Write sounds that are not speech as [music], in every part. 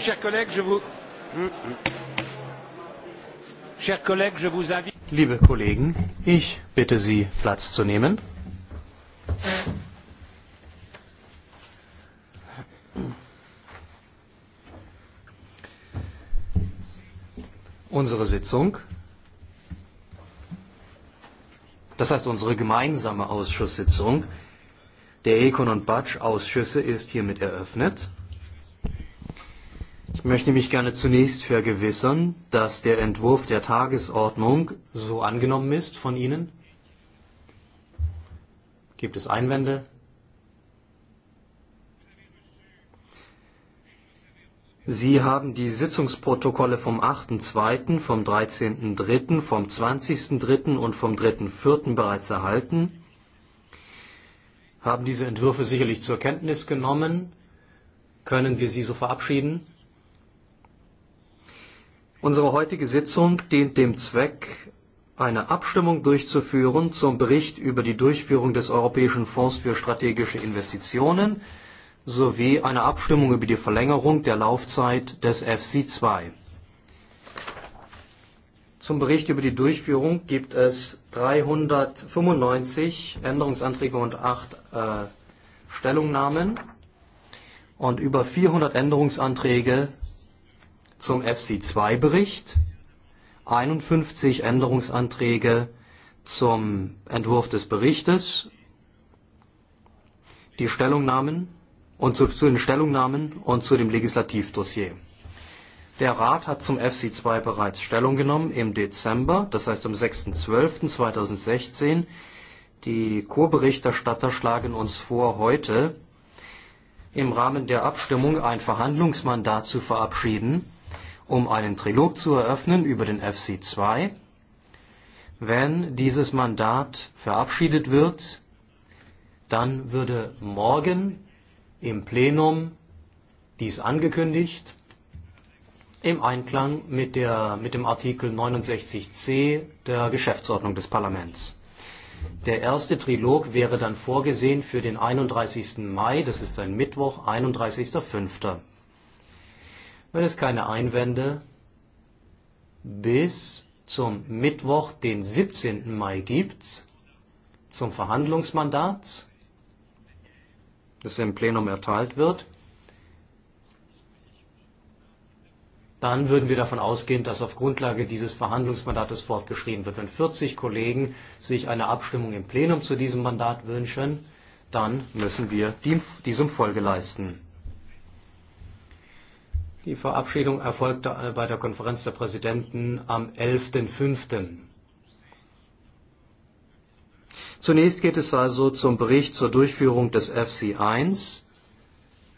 chers collègues, Liebe Kollegen, ich bitte Sie, Platz zu nehmen. Unsere Sitzung, das heißt unsere gemeinsame Ausschusssitzung der Econ- und Batsch-Ausschüsse ist hiermit eröffnet möchte mich gerne zunächst vergewissern, dass der Entwurf der Tagesordnung so angenommen ist von Ihnen. Gibt es Einwände? Sie haben die Sitzungsprotokolle vom 8.2., vom 13.3., vom 20.3. und vom 3.4. bereits erhalten, haben diese Entwürfe sicherlich zur Kenntnis genommen. Können wir sie so verabschieden? Unsere heutige Sitzung dient dem Zweck, eine Abstimmung durchzuführen zum Bericht über die Durchführung des Europäischen Fonds für strategische Investitionen sowie eine Abstimmung über die Verlängerung der Laufzeit des FC2. Zum Bericht über die Durchführung gibt es 395 Änderungsanträge und 8 Stellungnahmen und über 400 Änderungsanträge zum FC2-Bericht, 51 Änderungsanträge zum Entwurf des Berichtes, die Stellungnahmen und zu, zu den Stellungnahmen und zu dem Legislativdossier. Der Rat hat zum FC2 bereits Stellung genommen im Dezember, das heißt am 6.12.2016. Die Co-Berichterstatter schlagen uns vor, heute im Rahmen der Abstimmung ein Verhandlungsmandat zu verabschieden um einen Trilog zu eröffnen über den FC 2. Wenn dieses Mandat verabschiedet wird, dann würde morgen im Plenum dies angekündigt, im Einklang mit, der, mit dem Artikel 69c der Geschäftsordnung des Parlaments. Der erste Trilog wäre dann vorgesehen für den 31. Mai, das ist ein Mittwoch, 31.05. Wenn es keine Einwände bis zum Mittwoch, den 17. Mai gibt, zum Verhandlungsmandat, das im Plenum erteilt wird, dann würden wir davon ausgehen, dass auf Grundlage dieses Verhandlungsmandates fortgeschrieben wird. Wenn 40 Kollegen sich eine Abstimmung im Plenum zu diesem Mandat wünschen, dann müssen wir diesem Folge leisten. Die Verabschiedung erfolgte bei der Konferenz der Präsidenten am 11.05. Zunächst geht es also zum Bericht zur Durchführung des FC1.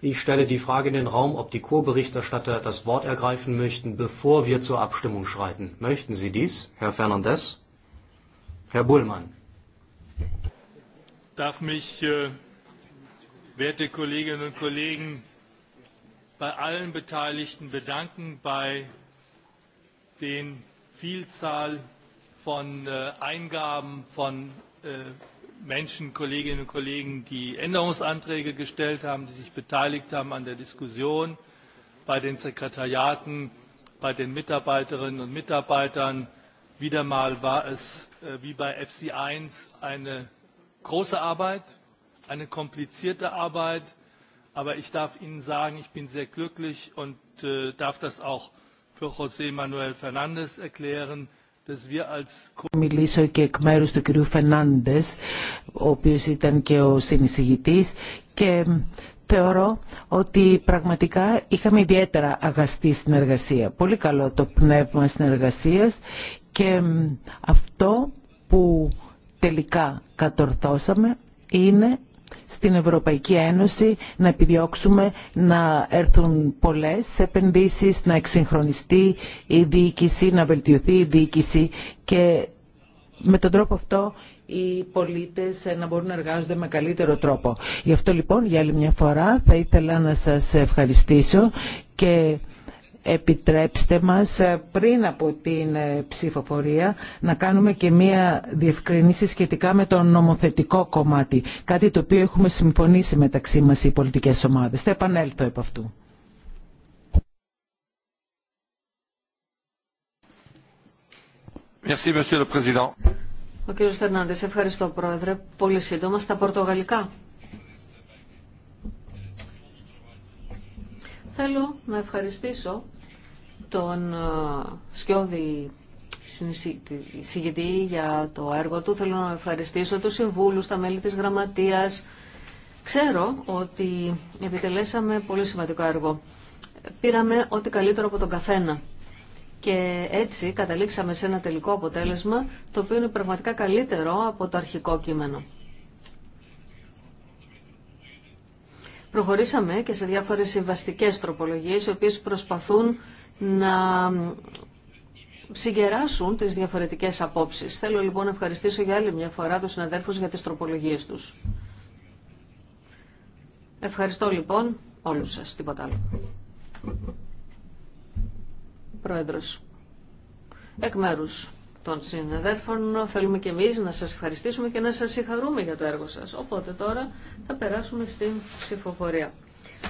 Ich stelle die Frage in den Raum, ob die Co-Berichterstatter das Wort ergreifen möchten, bevor wir zur Abstimmung schreiten. Möchten Sie dies, Herr Fernandes? Herr Bullmann. darf mich, werte Kolleginnen und Kollegen, bei allen Beteiligten bedanken, bei den Vielzahl von Eingaben von Menschen, Kolleginnen und Kollegen, die Änderungsanträge gestellt haben, die sich beteiligt haben an der Diskussion, bei den Sekretariaten, bei den Mitarbeiterinnen und Mitarbeitern. Wieder mal war es wie bei FC1 eine große Arbeit, eine komplizierte Arbeit, Aber ich darf Ihnen sagen, ich bin sehr glücklich und äh, darf das auch für José Manuel Fernández erklären, dass wir als Μιλήσω και εκ μέρους του κυρίου Φερνάντε, ο οποίος ήταν και ο συνεισηγητή. και θεωρώ ότι πραγματικά είχαμε ιδιαίτερα αγαστή συνεργασία. Πολύ καλό το πνεύμα συνεργασίας και αυτό που τελικά κατορθώσαμε είναι στην Ευρωπαϊκή Ένωση να επιδιώξουμε να έρθουν πολλές επενδύσεις, να εξυγχρονιστεί η διοίκηση, να βελτιωθεί η διοίκηση και με τον τρόπο αυτό οι πολίτες ε, να μπορούν να εργάζονται με καλύτερο τρόπο. Γι' αυτό λοιπόν για άλλη μια φορά θα ήθελα να σας ευχαριστήσω και επιτρέψτε μας ε, πριν από την ε, ψηφοφορία να κάνουμε και μία διευκρινήση σχετικά με το νομοθετικό κομμάτι. Κάτι το οποίο έχουμε συμφωνήσει μεταξύ μας οι πολιτικές ομάδες. Θα επανέλθω από αυτού. Ο κύριος Φερνάντες, ευχαριστώ Πρόεδρε. Πολύ σύντομα στα Πορτογαλικά. Θέλω να ευχαριστήσω τον ε, Σκιώδη Συγητή για το έργο του. Θέλω να ευχαριστήσω τους συμβούλους, τα μέλη της γραμματείας. Ξέρω ότι επιτελέσαμε πολύ σημαντικό έργο. Πήραμε ό,τι καλύτερο από τον καθένα. Και έτσι καταλήξαμε σε ένα τελικό αποτέλεσμα το οποίο είναι πραγματικά καλύτερο από το αρχικό κείμενο. Προχωρήσαμε και σε διάφορες συμβαστικές τροπολογίες, οι οποίες προσπαθούν να συγκεράσουν τις διαφορετικές απόψεις. Θέλω λοιπόν να ευχαριστήσω για άλλη μια φορά τους συναδέλφους για τις τροπολογίες τους. Ευχαριστώ λοιπόν όλους σας, τίποτα άλλο. Πρόεδρος, εκ μέρους των συνεδέρφων. θέλουμε και εμείς να σας ευχαριστήσουμε και να σας συγχαρούμε για το έργο σας. Οπότε τώρα θα περάσουμε στην ψηφοφορία.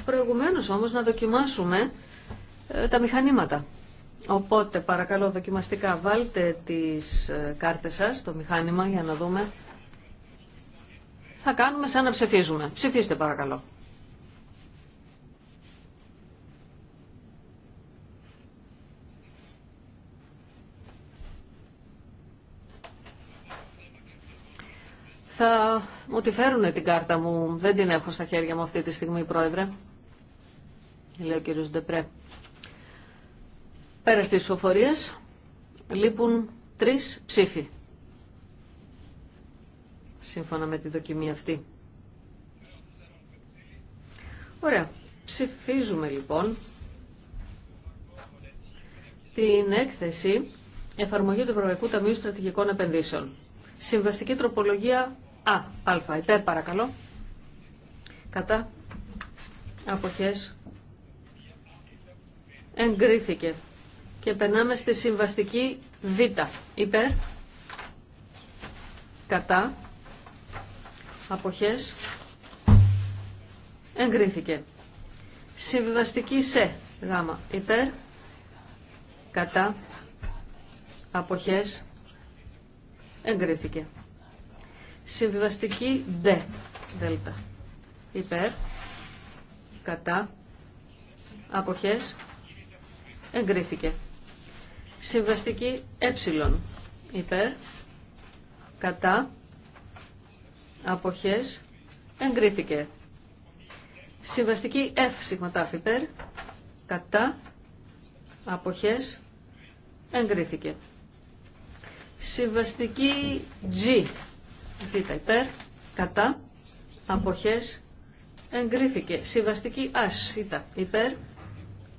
Προηγουμένως όμως να δοκιμάσουμε ε, τα μηχανήματα. Οπότε παρακαλώ δοκιμαστικά βάλτε τις ε, κάρτες σας, το μηχάνημα για να δούμε. Θα κάνουμε σαν να ψηφίζουμε. Ψηφίστε παρακαλώ. Θα μου τη φέρουν την κάρτα μου. Δεν την έχω στα χέρια μου αυτή τη στιγμή, Πρόεδρε. Λέω ο κύριος Ντεπρέ. Πέρα στις ψηφοφορίες λείπουν τρεις ψήφοι. Σύμφωνα με τη δοκιμή αυτή. Ωραία. Ψηφίζουμε λοιπόν την έκθεση εφαρμογή του Ευρωπαϊκού Ταμείου Στρατηγικών Επενδύσεων. Συμβαστική τροπολογία Α, α, υπέρ παρακαλώ. Κατά αποχές εγκρίθηκε. Και περνάμε στη συμβαστική Β. Υπέρ. Κατά. Αποχές. Εγκρίθηκε. Συμβαστική σε γάμα. Υπέρ. Κατά. Αποχές. Εγκρίθηκε. Συμβιβαστική D. Δέλτα. Υπέρ. Κατά. Αποχές. Εγκρίθηκε. Συμβαστική ε. Υπέρ. Κατά. Αποχές. Εγκρίθηκε. Συμβαστική F σιγματάφ υπέρ. Κατά. Αποχές. Εγκρίθηκε. Συμβαστική G υπέρ, κατά, αποχές, εγκρίθηκε. Συμβαστική ας, υπέρ,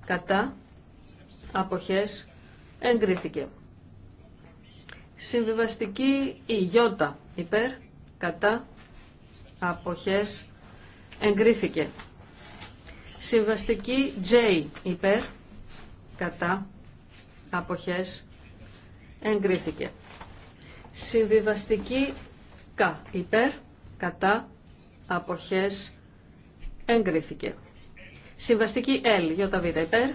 κατά, αποχές, εγκρίθηκε. Συμβιβαστική η γιώτα, υπέρ, κατά, αποχές, εγκρίθηκε. Συμβαστική J, υπέρ, κατά, αποχές, εγκρίθηκε. Συμβιβαστική Κα υπέρ, κατά, αποχές, εγκρίθηκε. Συμβαστική L, ΙΒ υπέρ,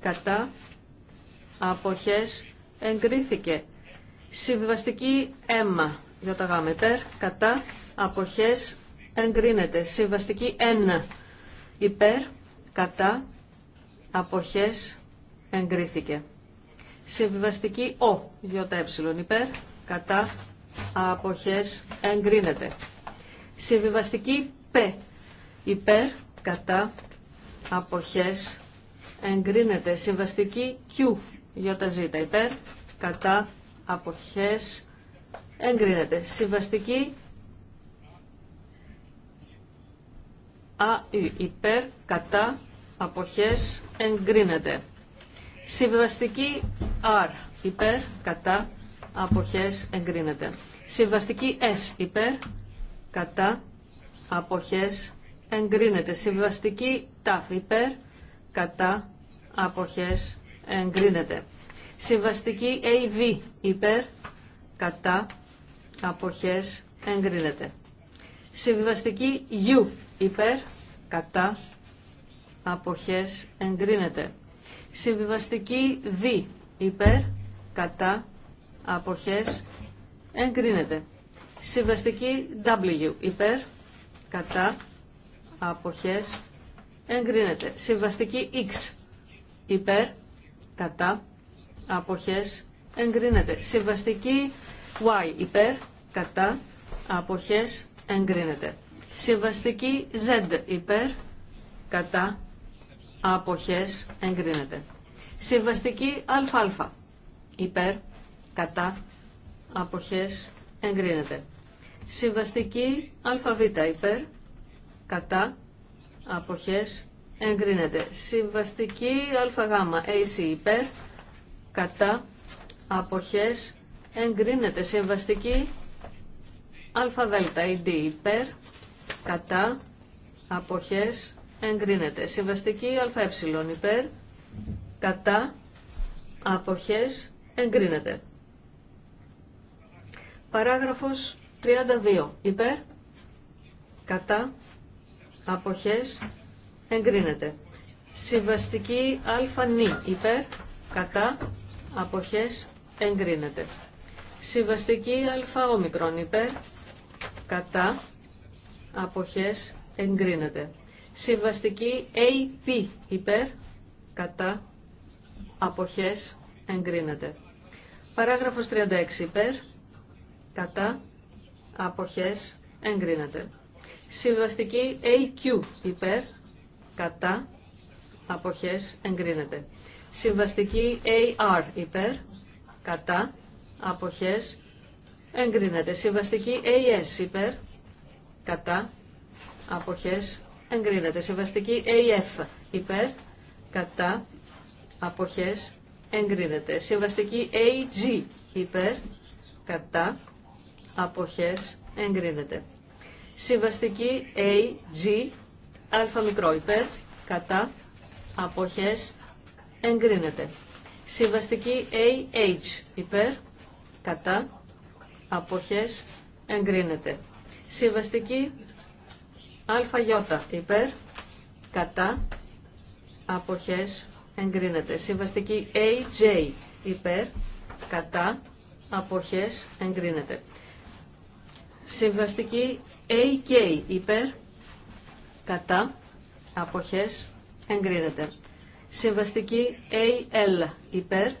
κατά, αποχές, εγκρίθηκε. Συμβαστική M, ΙΓ υπέρ, κατά, αποχές, εγκρίνεται. Συμβαστική N, υπέρ, κατά, αποχές, εγκρίθηκε. Συμβιβαστική Ο, ΙΕ, υπέρ, κατά, αποχές εγκρίνεται. Συμβιβαστική Π. Υπέρ, κατά, αποχές εγκρίνεται. Συμβαστική Q. ΙΖ. Υπέρ, κατά, αποχές εγκρίνεται. Συμβαστική Α, Υπέρ, κατά, αποχές εγκρίνεται. Συμβαστική R. Υπέρ, κατά, αποχές εγκρίνεται. Συμβαστική S υπέρ, κατά, αποχές εγκρίνεται. Συμβαστική T υπέρ, κατά, αποχές εγκρίνεται. Συμβαστική AV υπέρ, κατά, αποχές εγκρίνεται. Συμβαστική U υπέρ, κατά, αποχές εγκρίνεται. Συμβιβαστική δι υπέρ, κατά, αποχές εγκρίνεται. Συμβαστική W υπέρ κατά αποχές εγκρίνεται. Συμβαστική X υπέρ κατά αποχές εγκρίνεται. Συμβαστική Y υπέρ κατά αποχές εγκρίνεται. Συμβαστική Z υπέρ κατά αποχές εγκρίνεται. Συμβαστική ΑΑ υπέρ κατά αποχές εγκρίνεται. Συμβαστική ΑΒ υπέρ κατά αποχές εγκρίνεται. Συμβαστική ΑΓ AC υπέρ κατά αποχές εγκρίνεται. Συμβαστική ΑΔ ID υπέρ κατά αποχές εγκρίνεται. Συμβαστική ΑΕ υπέρ κατά αποχές εγκρίνεται. Παράγραφος 32. Υπέρ, κατά, αποχές, εγκρίνεται. Συμβαστική αλφανή. Υπέρ, κατά, αποχές, εγκρίνεται. Συμβαστική αλφαόμικρον. Υπέρ, κατά, αποχές, εγκρίνεται. Συμβαστική AP. Υπέρ, κατά, αποχές, εγκρίνεται. Παράγραφος 36. Υπέρ, κατά, αποχές, εγκρίνεται. Συμβαστική AQ υπέρ, κατά, αποχές, εγκρίνεται. Συμβαστική AR υπέρ, κατά, αποχές, εγκρίνεται. Συμβαστική AS υπέρ, κατά, αποχές, εγκρίνεται. Συμβαστική AF υπέρ, κατά, αποχές, εγκρίνεται. Συμβαστική AG υπέρ, κατά, αποχές εγκρίνεται. Συμβαστική G α μικρό υπέρ, κατά, αποχές εγκρίνεται. Συμβαστική H υπέρ, κατά, αποχές εγκρίνεται. Συμβαστική Ι, υπέρ, κατά, αποχές εγκρίνεται. Συμβαστική AJ, υπέρ, κατά, αποχές εγκρίνεται. Συμβαστική AK υπέρ, κατά, αποχές, εγκρίνεται. Συμβαστική AL υπέρ,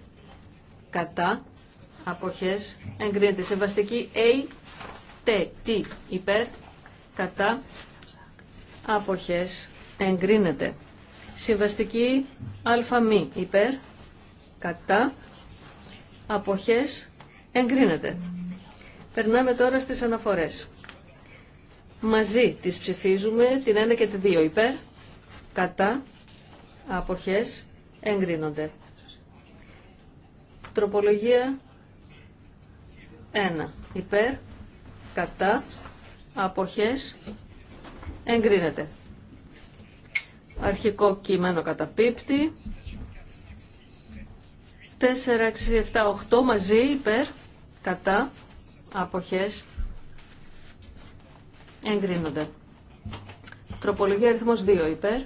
κατά, αποχές, εγκρίνεται. Συμβαστική AT υπέρ, κατά, αποχές, εγκρίνεται. Συμβαστική ΑΜ υπέρ, κατά, αποχές, εγκρίνεται. Περνάμε τώρα στις αναφορές. Μαζί τις ψηφίζουμε την 1 και τη 2 υπέρ, κατά, αποχές, εγκρίνονται. Τροπολογία 1. Υπέρ, κατά, αποχές, εγκρίνεται. Αρχικό κείμενο καταπίπτει. 4, 6, 7, 8 μαζί, υπέρ, κατά, αποχές εγκρίνονται. Τροπολογία αριθμός 2 υπέρ,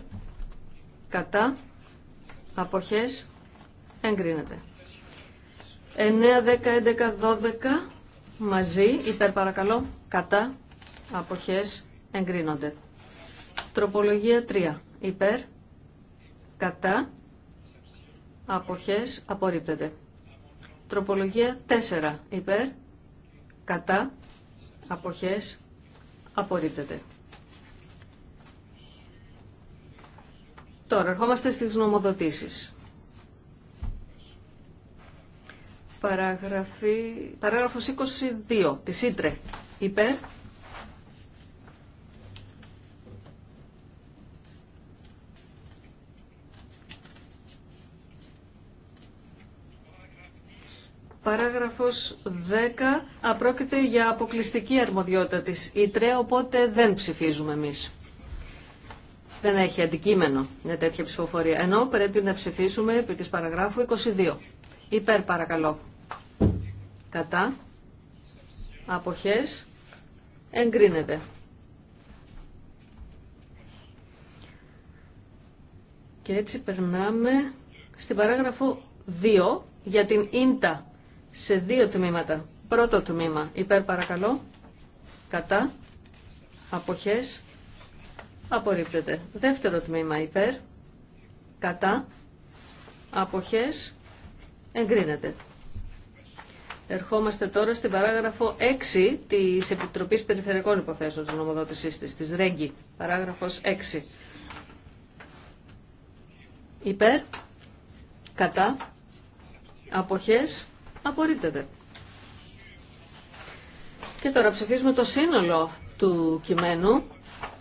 κατά, αποχές εγκρίνεται. 9, 10, 11, 12 μαζί, υπέρ παρακαλώ, κατά, αποχές εγκρίνονται. Τροπολογία 3 υπέρ, κατά, αποχές απορρίπτεται. Τροπολογία 4 υπέρ, κατά, αποχές, απορρίπτεται. Τώρα, ερχόμαστε στις νομοδοτήσεις. παράγραφος 22, της Ήτρε, υπέρ, Παράγραφος 10. Απρόκειται για αποκλειστική αρμοδιότητα της ΙΤΡΕ, οπότε δεν ψηφίζουμε εμείς. Δεν έχει αντικείμενο μια τέτοια ψηφοφορία. Ενώ πρέπει να ψηφίσουμε επί της παραγράφου 22. Υπέρ παρακαλώ. Κατά. Αποχές. Εγκρίνεται. Και έτσι περνάμε στην παράγραφο 2 για την ίντα σε δύο τμήματα. Πρώτο τμήμα, υπέρ παρακαλώ, κατά, αποχές, απορρίπτεται. Δεύτερο τμήμα, υπέρ, κατά, αποχές, εγκρίνεται. Ερχόμαστε τώρα στην παράγραφο 6 της Επιτροπής Περιφερειακών Υποθέσεων της νομοδότησής της, της ΡΕΓΚΙ, παράγραφος 6. Υπέρ, κατά, αποχές, απορρίπτεται. Και τώρα ψηφίζουμε το σύνολο του κειμένου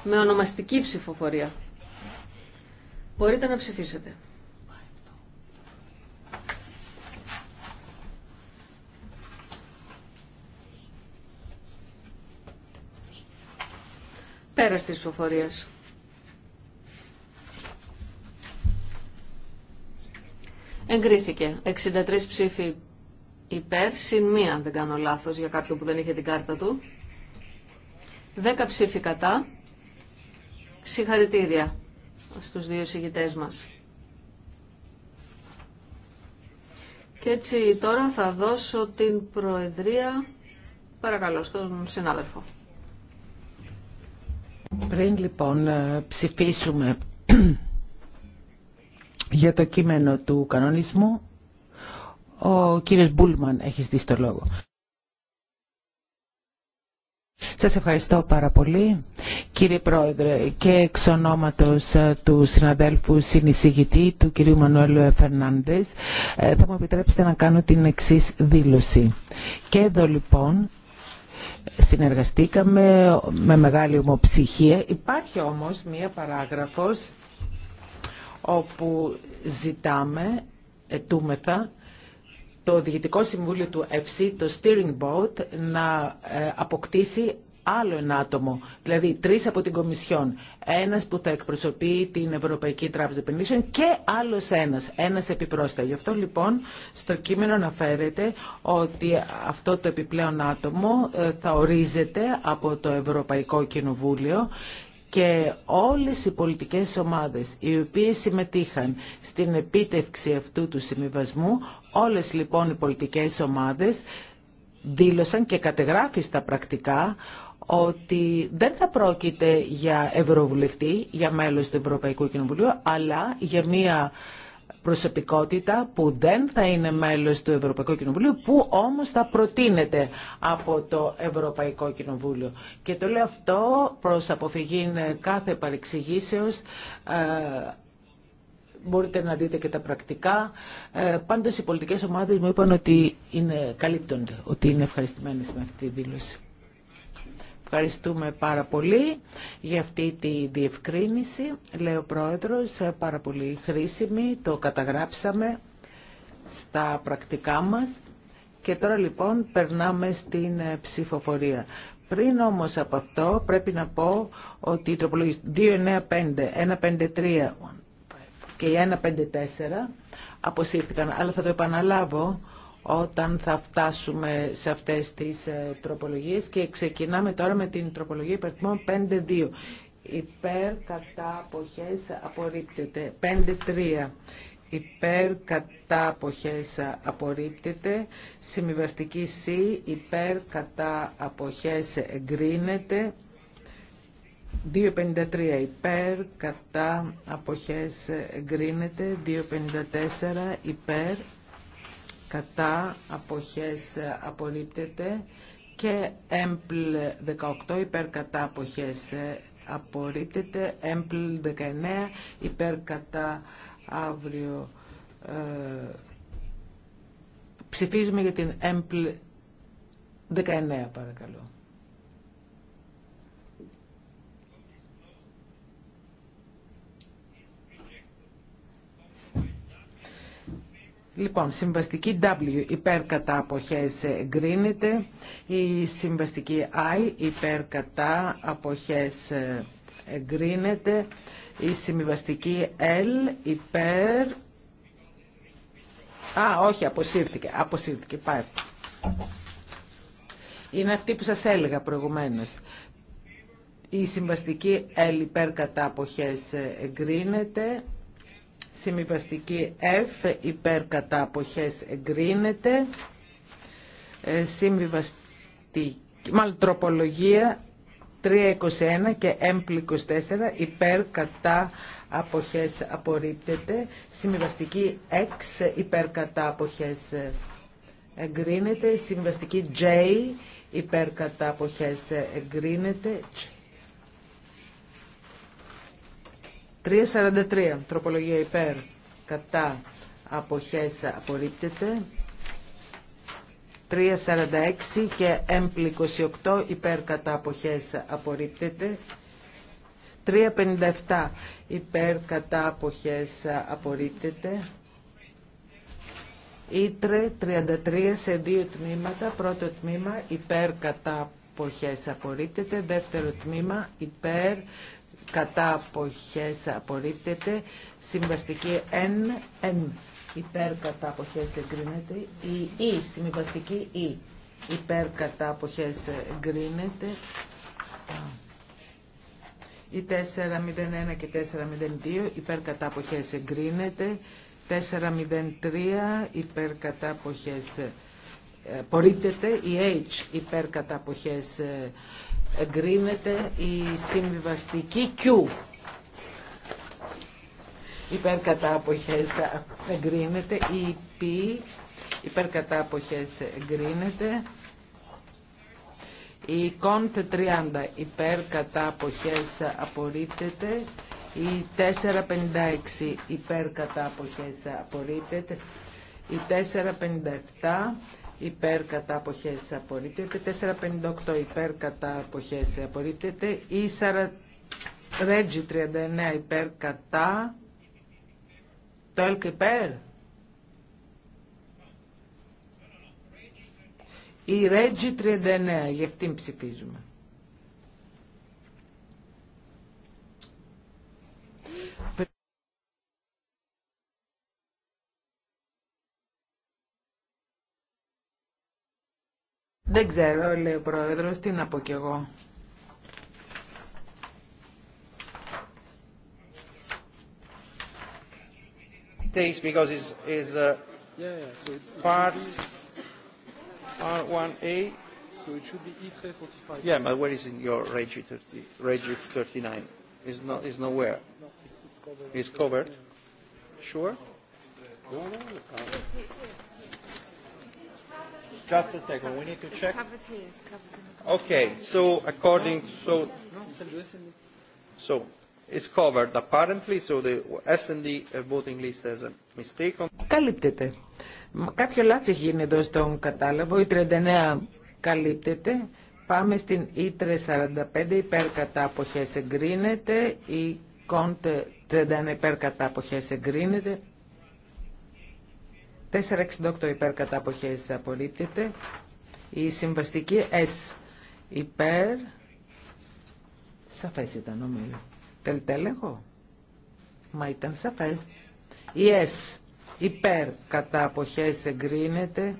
με ονομαστική ψηφοφορία. Μπορείτε να ψηφίσετε. Πέρα στις ψηφοφορίες. Εγκρίθηκε. 63 ψήφοι υπέρ, συν μία αν δεν κάνω λάθος για κάποιον που δεν είχε την κάρτα του. Δέκα ψήφοι κατά. Συγχαρητήρια στους δύο συγητές μας. Και έτσι τώρα θα δώσω την προεδρία, παρακαλώ, στον συνάδελφο. Πριν λοιπόν ε, ψηφίσουμε [clears throat] για το κείμενο του κανονισμού, ο κύριος Μπούλμαν έχει στήσει το λόγο. Σας ευχαριστώ πάρα πολύ κύριε Πρόεδρε και εξ ονόματος ε, του συναδέλφου συνεισηγητή του κυρίου Μανουέλου ε. Φερνάντες ε, θα μου επιτρέψετε να κάνω την εξής δήλωση. Και εδώ λοιπόν συνεργαστήκαμε με μεγάλη ομοψυχία. Υπάρχει όμως μία παράγραφος όπου ζητάμε, ετούμεθα, το Διοικητικό Συμβούλιο του ΕΦΣΥ, το Steering Board, να ε, αποκτήσει άλλο ένα άτομο, δηλαδή τρεις από την Κομισιόν, ένας που θα εκπροσωπεί την Ευρωπαϊκή Τράπεζα Επενδύσεων και άλλος ένας, ένας επιπρόσθετα. Γι' αυτό λοιπόν στο κείμενο αναφέρεται ότι αυτό το επιπλέον άτομο ε, θα ορίζεται από το Ευρωπαϊκό Κοινοβούλιο και όλες οι πολιτικές ομάδες οι οποίες συμμετείχαν στην επίτευξη αυτού του συμβιβασμού, όλες λοιπόν οι πολιτικές ομάδες δήλωσαν και κατεγράφησαν πρακτικά ότι δεν θα πρόκειται για ευρωβουλευτή, για μέλος του Ευρωπαϊκού Κοινοβουλίου, αλλά για μία προσωπικότητα που δεν θα είναι μέλος του Ευρωπαϊκού Κοινοβουλίου, που όμως θα προτείνεται από το Ευρωπαϊκό Κοινοβούλιο. Και το λέω αυτό προς αποφυγή κάθε παρεξηγήσεως, ε, μπορείτε να δείτε και τα πρακτικά. Ε, πάντως οι πολιτικές ομάδες μου είπαν ότι είναι καλύπτονται, ότι είναι ευχαριστημένες με αυτή τη δήλωση ευχαριστούμε πάρα πολύ για αυτή τη διευκρίνηση, Λέω ο Πρόεδρος, ε, πάρα πολύ χρήσιμη, το καταγράψαμε στα πρακτικά μας. Και τώρα λοιπόν περνάμε στην ε, ψηφοφορία. Πριν όμως από αυτό πρέπει να πω ότι οι τροπολογίες 295, 153 και 154 αποσύρθηκαν, αλλά θα το επαναλάβω όταν θα φτάσουμε σε αυτές τις ε, τροπολογίες και ξεκινάμε τώρα με την τροπολογία υπερθμών 5-2. Υπέρ κατά αποχές απορρίπτεται. 5-3. Υπέρ κατά αποχές απορρίπτεται. Συμβιβαστική C. Υπέρ κατά αποχές εγκρίνεται. 2.53 υπέρ, κατά αποχές εγκρίνεται, 2.54 υπέρ, κατά αποχές ε, απορρίπτεται και έμπλ 18 υπέρ κατά αποχές ε, απορρίπτεται έμπλ 19 υπέρ κατά αύριο ε, ψηφίζουμε για την έμπλ 19 παρακαλώ Λοιπόν, συμβαστική W υπέρ κατά αποχές εγκρίνεται, η συμβαστική I υπέρ κατά αποχές εγκρίνεται, η συμβαστική L υπέρ... Α, όχι, αποσύρθηκε, αποσύρθηκε, πάει Είναι αυτή που σας έλεγα προηγουμένως. Η συμβαστική L υπέρ κατά αποχές εγκρίνεται, Συμβιβαστική F υπέρ κατά αποχές εγκρίνεται. Ε, συμβιβαστική, σύβή 321 και M24 υπέρ κατά αποχές απορρίπτεται. Συμβιβαστική X υπέρ κατά αποχές εγκρίνεται. Συμβαστική J υπέρ κατά αποχές εγκρίνεται. 343. Τροπολογία υπέρ. Κατά. Αποχές απορρίπτεται. 346 και έμπλη 28 υπέρ κατά αποχές απορρίπτεται. 357 υπέρ κατά αποχές απορρίπτεται. Ήτρε 33 σε δύο τμήματα. Πρώτο τμήμα υπέρ κατά αποχές απορρίπτεται. Δεύτερο τμήμα υπέρ κατά αποχές απορρίπτεται, συμβαστική N, N υπέρ κατά αποχές εγκρίνεται, η E, συμβαστική η, υπέρ κατά αποχές εγκρίνεται, η 401 και 402 υπέρ κατά αποχές εγκρίνεται, 403 υπέρ κατά αποχές ε, απορρίπτεται, η H υπέρ κατά αποχές ε, εγκρίνεται η συμβιβαστική Q. Υπέρ εγκρίνεται η P. Υπέρ εγκρίνεται η κόντ 30 υπέρ απορρίπτεται η 456 υπέρ κατά απορρίπτεται η 457 υπέρ κατά αποχέσει απορρίπτεται, 458 υπέρ κατά αποχέσει απορρίπτεται ή 4... Ρέτζι 39 υπέρ κατά, το ΕΛΚ υπέρ. Η Ρέτζι 39, γι' αυτήν ψηφίζουμε. Δεν ξέρω, λέει ο Πρόεδρος, τι να πω κι εγώ. because it's, it's uh, yeah, yeah, so it's, it's part R1A. So it should be E345. Yeah, but where is in your Regi 30, Regi 39? It's not, it's nowhere. No, it's, it's covered. It's covered. Sure. No, no, no. Just a second, we need to check. Okay, so according so so it's covered apparently, so the S&D uh, voting list has a mistake. On... Καλύπτεται. Κάποιο λάθος έχει γίνει εδώ στον κατάλαβο. Η 39 καλύπτεται. Πάμε στην ΙΤΡΕ 45 υπέρ κατά εγκρίνεται. Η Κόντ 31 υπέρ κατά εγκρίνεται. 468 υπέρ κατά αποχές απορρίπτεται. Η συμβαστική S υπέρ. Σαφές ήταν νομίζω. Θέλετε Μα ήταν σαφές. Η S υπέρ κατά αποχές εγκρίνεται.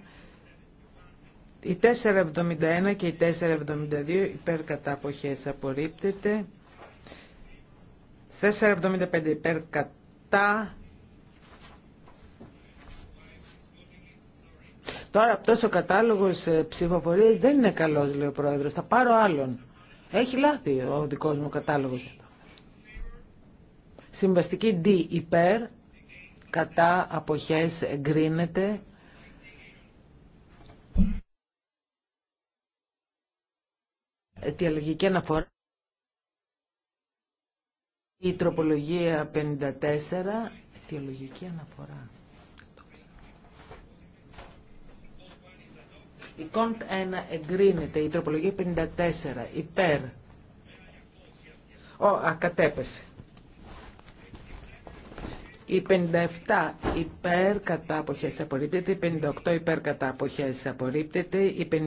Η 471 και η 472 υπέρ κατά αποχές απορρίπτεται. 475 υπέρ κατά Τώρα αυτός ο κατάλογος ε, ψηφοφορίας δεν είναι καλός, λέει ο Πρόεδρος. Θα πάρω άλλον. Έχει λάθη ο δικός μου κατάλογος. Συμβαστική D υπέρ, κατά αποχές εγκρίνεται. Ε, αιτιολογική αναφορά. Η τροπολογία 54, αιτιολογική αναφορά. Η κοντ 1 εγκρίνεται. Η τροπολογία 54 υπέρ. Ο, ακατέπεσε. Η 57 υπέρ κατά απορρίπτεται, η 58 υπέρ κατά απορρίπτεται, η 59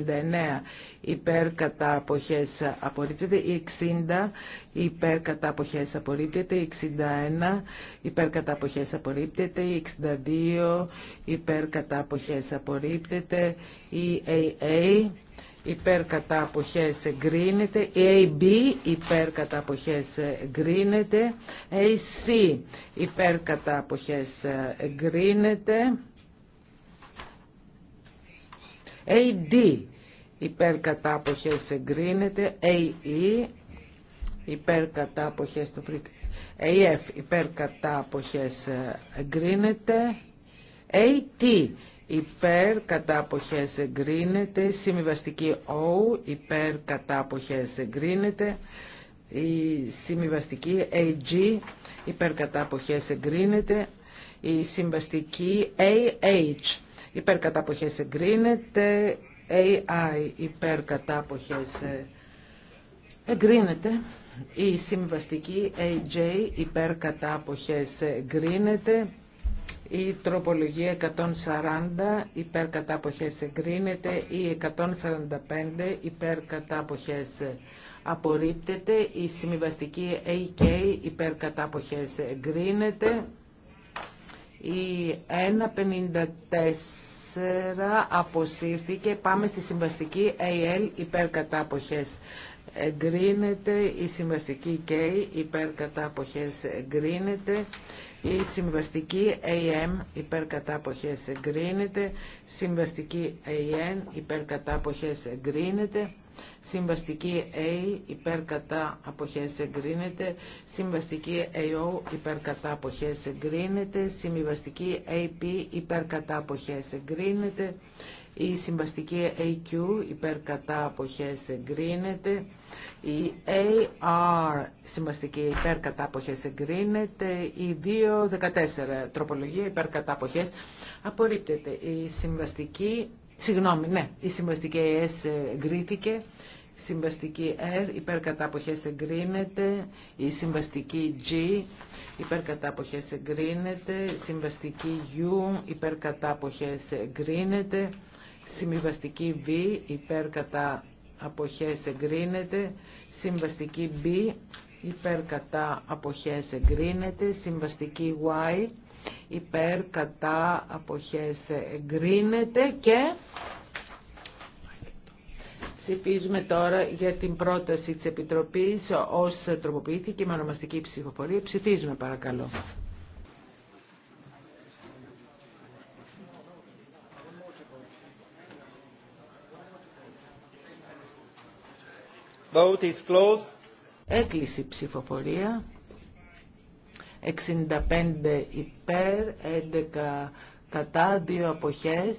υπέρ κατά απορρίπτεται, η 60 υπέρ κατά απορρίπτεται, η 61 υπέρ κατά απορρίπτεται, η 62 υπέρ κατά απορρίπτεται, η AA υπέρ κατά εγκρίνεται, AB υπέρ κατά εγκρίνεται, AC υπέρ κατά εγκρίνεται, AD υπέρ κατά εγκρίνεται, AE υπέρ κατά αποχές το AF υπέρ εγκρίνεται, AT υπέρ κατά αποχές εγκρίνεται, συμβιβαστική O, υπέρ κατά αποχές εγκρίνεται, η συμβιβαστική AG, ε, υπέρ κατά αποχές εγκρίνεται, η συμβαστική AH, ε, υπέρ κατά αποχές εγκρίνεται, AI, ε, υπέρ κατά αποχές εγκρίνεται, η συμβαστική AJ, υπέρ κατά αποχές εγκρίνεται, η τροπολογία 140 υπέρ κατά εγκρίνεται, η 145 υπέρ κατά απορρίπτεται, η συμβιβαστική AK υπέρ κατά εγκρίνεται, η 154 αποσύρθηκε, πάμε στη συμβαστική AL υπέρ κατά εγκρίνεται, η συμβαστική K υπέρ κατά εγκρίνεται, η συμβαστική AM υπέρ κατά εγκρίνεται, συμβαστική AN υπέρ κατά αποχές εγκρίνεται, συμβαστική A υπέρ κατά αποχές εγκρίνεται, συμβαστική AO υπέρ κατά αποχές εγκρίνεται, συμβαστική AP υπέρ κατά αποχές εγκρίνεται, η συμβαστική AQ υπέρ κατά αποχές εγκρίνεται. Η AR συμβαστική υπέρ κατά αποχές εγκρίνεται. Η 214 τροπολογία υπέρ κατά αποχές απορρίπτεται. Η συμβαστική, συγγνώμη, ναι, η συμβαστική AS εγκρίθηκε. Συμβαστική R, υπέρ εγκρίνεται. Η συμβαστική G, υπέρ εγκρίνεται. Συμβαστική U, υπέρ εγκρίνεται. Συμβαστική Β υπέρ κατά αποχές εγκρίνεται. Συμβαστική B υπέρ κατά αποχές εγκρίνεται. Συμβαστική Y υπέρ κατά αποχές εγκρίνεται και ψηφίζουμε τώρα για την πρόταση της Επιτροπής ως τροποποιήθηκε με ονομαστική ψηφοφορία. Ψηφίζουμε παρακαλώ. Έκλεισε η ψηφοφορία. 65 υπέρ, 11 κατά, 2 αποχές.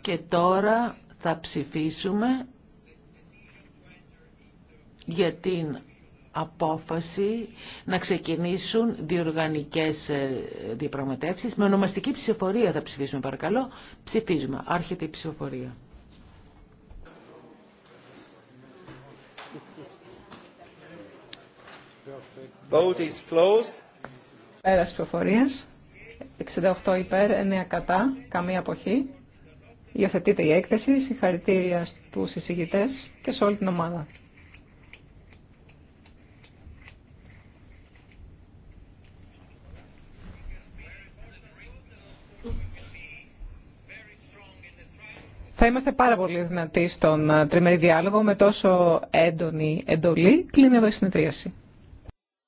Και τώρα θα ψηφίσουμε για την απόφαση να ξεκινήσουν διοργανικές ε, διαπραγματεύσεις. Με ονομαστική ψηφοφορία θα ψηφίσουμε παρακαλώ. Ψηφίζουμε. Άρχεται η ψηφοφορία. Vote is Πέρας 68 υπέρ, 9 κατά, καμία αποχή. Υιοθετείται η έκθεση. Συγχαρητήρια στους εισηγητές και σε όλη την ομάδα. Θα είμαστε πάρα πολύ δυνατοί στον ε, τριμερή διάλογο με τόσο έντονη εντολή. Κλείνει εδώ η συνεδρίαση.